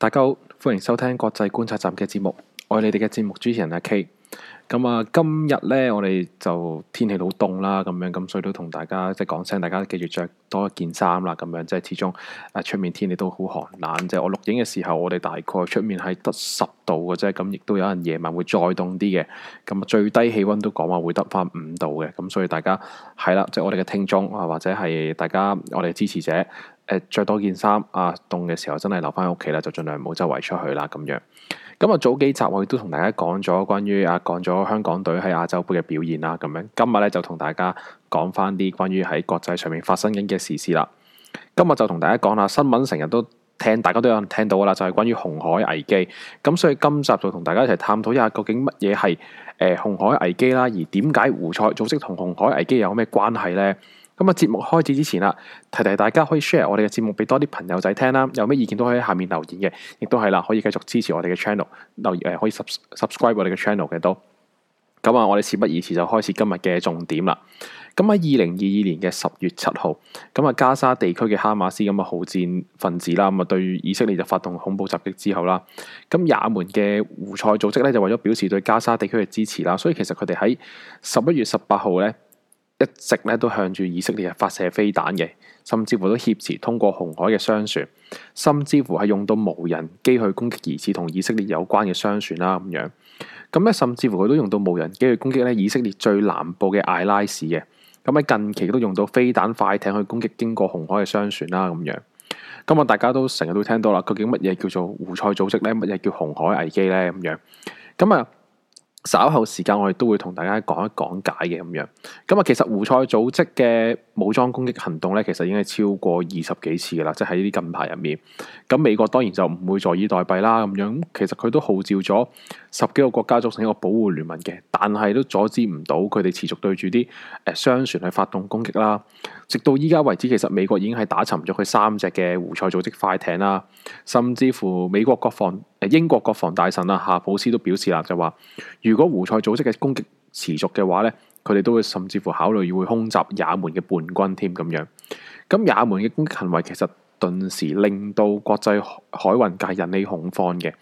大家好，歡迎收聽國際觀察站嘅節目，我係你哋嘅節目主持人阿 K。咁啊，今日呢，我哋就天氣好凍啦，咁樣，咁所以都同大家即係講聲，大家記住着多一件衫啦，咁樣，即係始終啊，出面天氣都好寒冷。即係我錄影嘅時候，我哋大概出面係得十度嘅啫，咁亦都有人夜晚會再凍啲嘅。咁啊，最低氣温都講話會得翻五度嘅，咁所以大家係啦，即係、就是、我哋嘅聽眾啊，或者係大家我哋支持者。誒，著多件衫，啊凍嘅時候真係留翻屋企啦，就盡量唔好周圍出去啦咁樣。咁啊，早幾集我亦都同大家講咗關於啊講咗香港隊喺亞洲杯嘅表現啦，咁樣今日咧，就同大家講翻啲關於喺國際上面發生緊嘅事事啦。今日就同大家講下新聞，成日都聽，大家都有聽到啦，就係關於紅海危機。咁所以今集就同大家一齊探討一下，究竟乜嘢係誒紅海危機啦？而點解胡塞組織同紅海危機有咩關係呢？咁啊，節目開始之前啦，提提大家可以 share 我哋嘅節目俾多啲朋友仔聽啦，有咩意見都可以喺下面留言嘅，亦都係啦，可以繼續支持我哋嘅 channel，留言，呃、可以 subscribe 我哋嘅 channel 嘅都。咁啊，我哋事不宜遲就開始今日嘅重點啦。咁喺二零二二年嘅十月七號，咁啊加沙地區嘅哈馬斯咁啊好戰分子啦，咁啊對以色列就發動恐怖襲擊之後啦，咁也門嘅胡塞組織咧就為咗表示對加沙地區嘅支持啦，所以其實佢哋喺十一月十八號咧。一直咧都向住以色列發射飛彈嘅，甚至乎都挾持通過紅海嘅商船，甚至乎係用到無人機去攻擊疑似同以色列有關嘅商船啦咁樣。咁咧，甚至乎佢都用到無人機去攻擊咧以色列最南部嘅艾拉市嘅。咁喺近期都用到飛彈快艇去攻擊經過紅海嘅商船啦咁樣。咁啊大家都成日都聽到啦，究竟乜嘢叫做胡塞組織咧？乜嘢叫紅海危機咧？咁樣咁啊！稍後時間我哋都會同大家講一講解嘅咁樣，咁啊其實胡塞組織嘅武裝攻擊行動咧，其實已經係超過二十幾次㗎啦，即係喺呢啲近排入面。咁美國當然就唔會坐以待斃啦，咁樣，其實佢都號召咗十幾個國家組成一個保護聯盟嘅，但係都阻止唔到佢哋持續對住啲誒商船去發動攻擊啦。直到依家為止，其實美國已經係打沉咗佢三隻嘅胡塞組織快艇啦，甚至乎美國國防。英國國防大臣啊，夏普斯都表示啦，就話如果胡塞組織嘅攻擊持續嘅話咧，佢哋都會甚至乎考慮要會空襲也門嘅叛軍添咁樣。咁也門嘅攻擊行為其實頓時令到國際海運界引起恐慌嘅，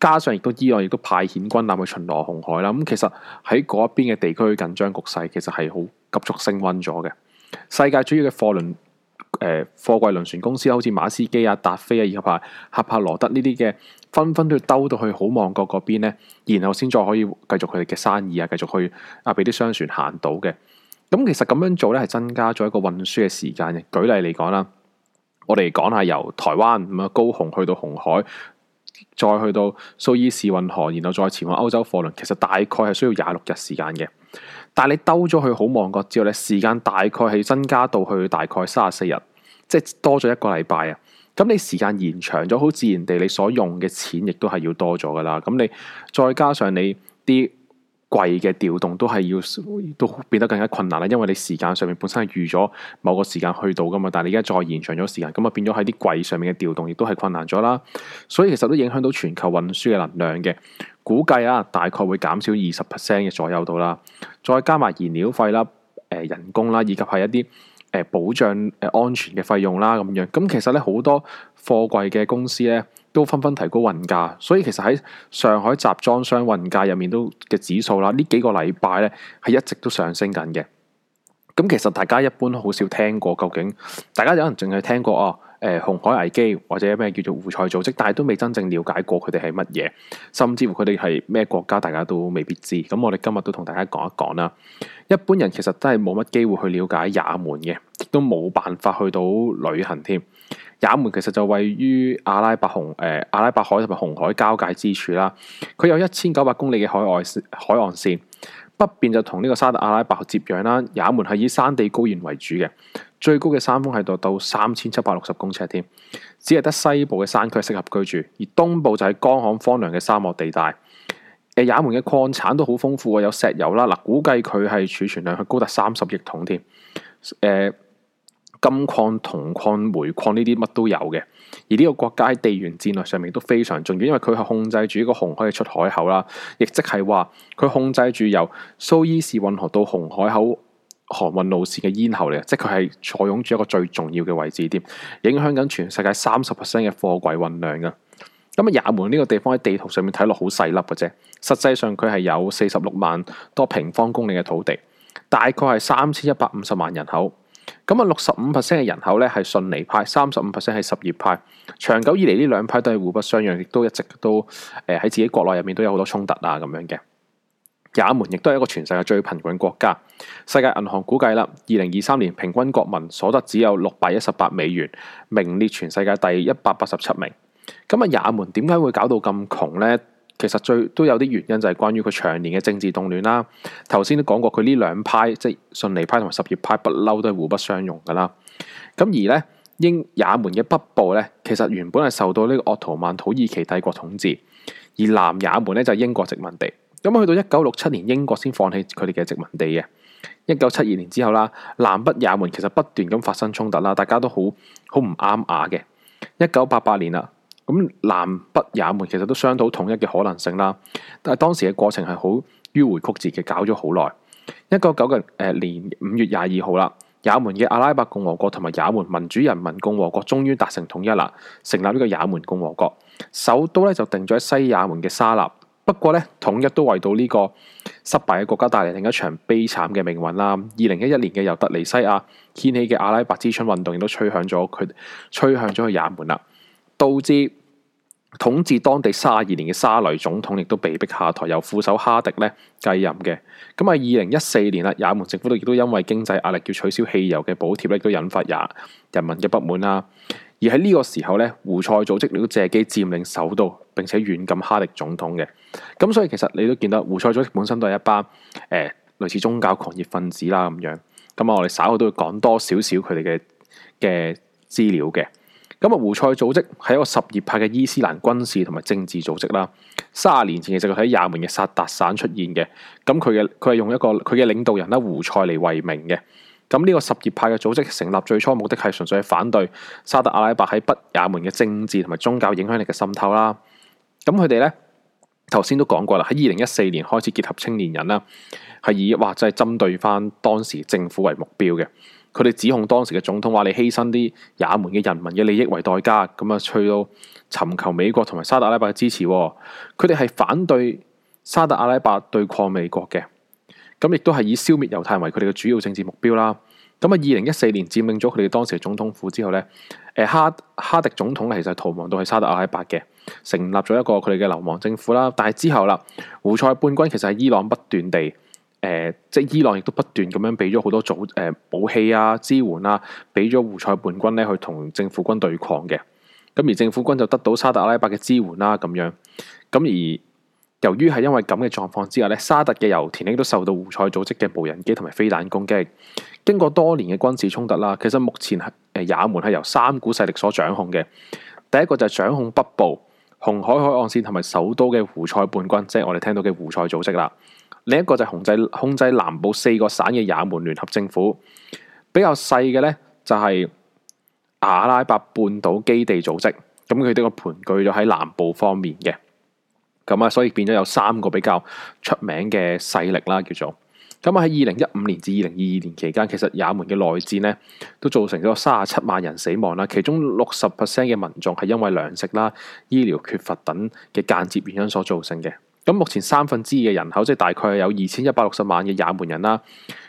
加上亦都伊朗，亦都派遣軍艦去巡邏紅海啦。咁其實喺嗰一邊嘅地區緊張局勢其實係好急速升溫咗嘅。世界主要嘅貨輪誒、呃、貨櫃輪船公司好似馬士基啊、達飛啊，以及啊、哈柏羅德呢啲嘅，紛紛都要兜到去好望角嗰邊咧，然後先再可以繼續佢哋嘅生意啊，繼續去啊俾啲商船行到嘅。咁其實咁樣做咧，係增加咗一個運輸嘅時間嘅。舉例嚟講啦，我哋講下由台灣咁啊高雄去到紅海，再去到蘇伊士運河，然後再前往歐洲貨輪，其實大概係需要廿六日時間嘅。但係你兜咗去好望角之後咧，時間大概係增加到去大概三十四日，即係多咗一個禮拜啊。咁你時間延長咗，好自然地你所用嘅錢亦都係要多咗噶啦。咁你再加上你啲櫃嘅調動都係要，都變得更加困難啦。因為你時間上面本身係預咗某個時間去到噶嘛，但係你而家再延長咗時間，咁啊變咗喺啲櫃上面嘅調動亦都係困難咗啦。所以其實都影響到全球運輸嘅能量嘅。估計啊，大概會減少二十 percent 嘅左右度啦。再加埋燃料費啦、誒、呃、人工啦，以及係一啲誒、呃、保障誒安全嘅費用啦咁樣。咁、嗯、其實咧好多貨櫃嘅公司咧都紛紛提高運價，所以其實喺上海集裝箱運價入面都嘅指數啦，呢幾個禮拜咧係一直都上升緊嘅。咁、嗯、其實大家一般好少聽過，究竟大家有人淨係聽過啊？哦誒，紅海危機或者咩叫做胡塞組織，但係都未真正了解過佢哋係乜嘢，甚至乎佢哋係咩國家，大家都未必知。咁我哋今日都同大家講一講啦。一般人其實真係冇乜機會去了解也門嘅，亦都冇辦法去到旅行添。也門其實就位於阿拉伯紅、誒阿拉伯海同埋紅海交界之處啦。佢有一千九百公里嘅海岸海岸線，北邊就同呢個沙特阿拉伯接壤啦。也門係以山地高原為主嘅。最高嘅山峰喺度到三千七百六十公尺添，只係得西部嘅山區適合居住，而東部就係乾旱荒涼嘅沙漠地帶。誒，也門嘅礦產都好豐富啊，有石油啦，嗱，估計佢係儲存量係高達三十億桶添。誒、欸，金礦、銅礦、煤礦呢啲乜都有嘅。而呢個國家喺地緣戰略上面都非常重要，因為佢係控制住呢個紅海嘅出海口啦，亦即係話，佢控制住由蘇伊士運河到紅海口航運路線嘅咽喉嚟啊，即係佢係坐擁住一個最重要嘅位置，點影響緊全世界三十 percent 嘅貨櫃運量噶。咁、嗯、啊，也門呢個地方喺地圖上面睇落好細粒嘅啫，實際上佢係有四十六萬多平方公里嘅土地，大概係三千一百五十萬人口。咁、嗯、啊，六十五 percent 嘅人口咧係遜尼派，三十五 percent 係什葉派。長久以嚟，呢兩派都係互不相讓，亦都一直都誒喺、呃、自己國內入面都有好多衝突啊，咁樣嘅。也門亦都係一個全世界最貧困國家。世界銀行估計啦，二零二三年平均國民所得只有六百一十八美元，名列全世界第一百八十七名。咁啊，也門點解會搞到咁窮呢？其實最都有啲原因就係關於佢長年嘅政治動亂啦。頭先都講過，佢呢兩派即係遜尼派同埋什葉派不嬲都係互不相容噶啦。咁而呢，英也門嘅北部呢，其實原本係受到呢個奧圖曼土耳其帝,帝國統治，而南也門呢，就係、是、英國殖民地。咁去到一九六七年，英國先放棄佢哋嘅殖民地嘅。一九七二年之後啦，南北也門其實不斷咁發生衝突啦，大家都好好唔啱牙嘅。一九八八年啦，咁南北也門其實都商討統一嘅可能性啦，但係當時嘅過程係好迂迴曲折嘅，搞咗好耐。一九九零年五月廿二號啦，也門嘅阿拉伯共和國同埋也門民主人民共和國終於達成統一啦，成立呢個也門共和國，首都咧就定咗喺西也門嘅沙納。不過咧，統一都為到呢個失敗嘅國家帶嚟另一場悲慘嘅命運啦。二零一一年嘅由突尼西亞掀起嘅阿拉伯之春運動，亦都吹響咗佢吹向咗去也門啦，導致統治當地三十二年嘅沙雷總統亦都被逼下台，由副手哈迪咧繼任嘅。咁喺二零一四年啦，也門政府都亦都因為經濟壓力要取消汽油嘅補貼咧，都引發也人民嘅不滿啦。而喺呢個時候咧，胡塞組織亦都借機佔領首都，並且軟禁哈迪總統嘅。咁所以其實你都見到胡塞組織本身都係一班誒、呃、類似宗教狂熱分子啦咁樣。咁啊，我哋稍後都會講多少少佢哋嘅嘅資料嘅。咁啊，胡塞組織係一個什葉派嘅伊斯蘭軍事同埋政治組織啦。卅年前其實佢喺也門嘅薩達省出現嘅。咁佢嘅佢係用一個佢嘅領導人啊胡塞嚟為名嘅。咁呢個什葉派嘅組織成立最初的目的係純粹係反對沙特阿拉伯喺北也門嘅政治同埋宗教影響力嘅滲透啦。咁佢哋呢頭先都講過啦，喺二零一四年開始結合青年人啦，係以話就係針對翻當時政府為目標嘅。佢哋指控當時嘅總統話你犧牲啲也門嘅人民嘅利益為代價，咁啊，去到尋求美國同埋沙特阿拉伯嘅支持。佢哋係反對沙特阿拉伯對抗美國嘅。咁亦都係以消滅猶太人為佢哋嘅主要政治目標啦。咁啊，二零一四年佔領咗佢哋當時嘅總統府之後咧，誒哈哈迪總統其實逃亡到去沙特阿拉伯嘅，成立咗一個佢哋嘅流亡政府啦。但係之後啦，胡塞叛軍其實喺伊朗不斷地誒、呃，即係伊朗亦都不斷咁樣俾咗好多組誒、呃、武器啊支援啊，俾咗胡塞叛軍咧去同政府軍對抗嘅。咁而政府軍就得到沙特阿拉伯嘅支援啦、啊，咁樣咁而。由於係因為咁嘅狀況之下咧，沙特嘅油田亦都受到胡塞組織嘅無人機同埋飛彈攻擊。經過多年嘅軍事衝突啦，其實目前係誒也門係由三股勢力所掌控嘅。第一個就係掌控北部紅海海岸線同埋首都嘅胡塞叛軍，即係我哋聽到嘅胡塞組織啦。另一個就係控制控制南部四個省嘅也門聯合政府。比較細嘅咧就係阿拉伯半島基地組織，咁佢哋個盤踞咗喺南部方面嘅。咁啊，所以變咗有三個比較出名嘅勢力啦，叫做咁啊。喺二零一五年至二零二二年期間，其實也門嘅內戰咧都造成咗三十七萬人死亡啦，其中六十 percent 嘅民眾係因為糧食啦、醫療缺乏等嘅間接原因所造成嘅。咁目前三分之二嘅人口，即係大概有二千一百六十萬嘅也門人啦，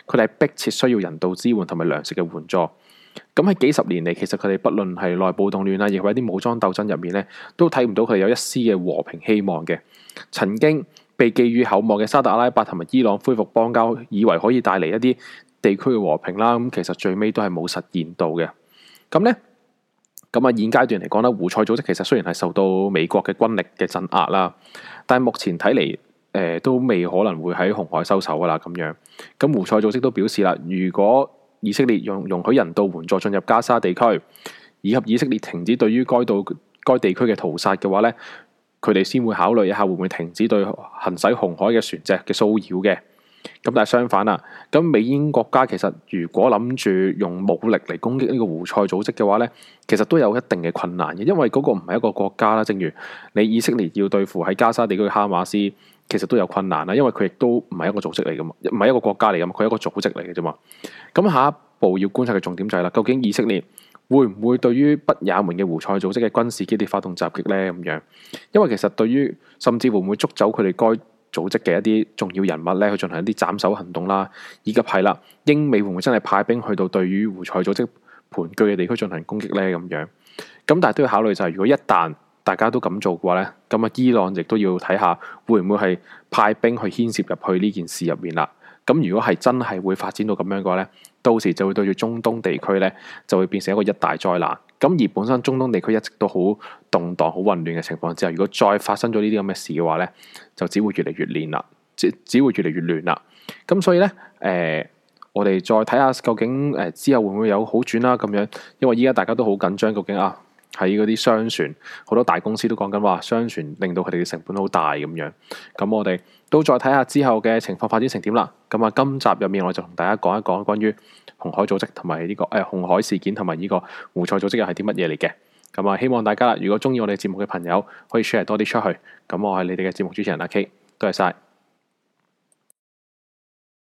佢哋係迫切需要人道支援同埋糧食嘅援助。咁喺幾十年嚟，其實佢哋不論係內部動亂啊，亦或一啲武裝鬥爭入面咧，都睇唔到佢有一絲嘅和平希望嘅。曾經被寄予厚望嘅沙特阿拉伯同埋伊朗恢復邦交，以為可以帶嚟一啲地區嘅和平啦，咁其實最尾都係冇實現到嘅。咁咧，咁喺現階段嚟講咧，胡塞組織其實雖然係受到美國嘅軍力嘅鎮壓啦，但係目前睇嚟誒都未可能會喺紅海收手噶啦，咁樣。咁胡塞組織都表示啦，如果以色列容容許人道援助進入加沙地區，以及以色列停止對於該道該地區嘅屠殺嘅話呢，佢哋先會考慮一下會唔會停止對行駛紅海嘅船隻嘅騷擾嘅。咁但係相反啦，咁美英國家其實如果諗住用武力嚟攻擊呢個胡塞組織嘅話呢，其實都有一定嘅困難嘅，因為嗰個唔係一個國家啦。正如你以色列要對付喺加沙地區嘅哈馬斯。其實都有困難啦，因為佢亦都唔係一個組織嚟噶嘛，唔係一個國家嚟噶嘛，佢係一個組織嚟嘅啫嘛。咁下一步要觀察嘅重點就係、是、啦，究竟以色列會唔會對於北也門嘅胡塞組織嘅軍事基地發動襲擊呢？咁樣，因為其實對於甚至會唔會捉走佢哋該組織嘅一啲重要人物咧，去進行一啲斬首行動啦，以及係啦，英美會唔會真係派兵去到對於胡塞組織盤踞嘅地區進行攻擊呢？咁樣，咁但係都要考慮就係、是，如果一旦大家都咁做嘅話咧，咁啊，伊朗亦都要睇下會唔會係派兵去牽涉入去呢件事入面啦。咁如果係真係會發展到咁樣嘅話咧，到時就會對住中東地區咧就會變成一個一大災難。咁而本身中東地區一直都好動盪、好混亂嘅情況之下，如果再發生咗呢啲咁嘅事嘅話咧，就只會越嚟越亂啦，只只會越嚟越亂啦。咁所以咧，誒、呃，我哋再睇下究竟誒之後會唔會有好轉啦、啊？咁樣，因為依家大家都好緊張，究竟啊～喺嗰啲商船，好多大公司都講緊話商船令到佢哋嘅成本好大咁樣。咁我哋都再睇下之後嘅情況發展成點啦。咁啊，今集入面我就同大家講一講關於紅海組織同埋呢個誒、哎、紅海事件同埋呢個胡塞組織又係啲乜嘢嚟嘅。咁啊，希望大家如果中意我哋節目嘅朋友，可以 share 多啲出去。咁我係你哋嘅節目主持人阿 K，多謝晒。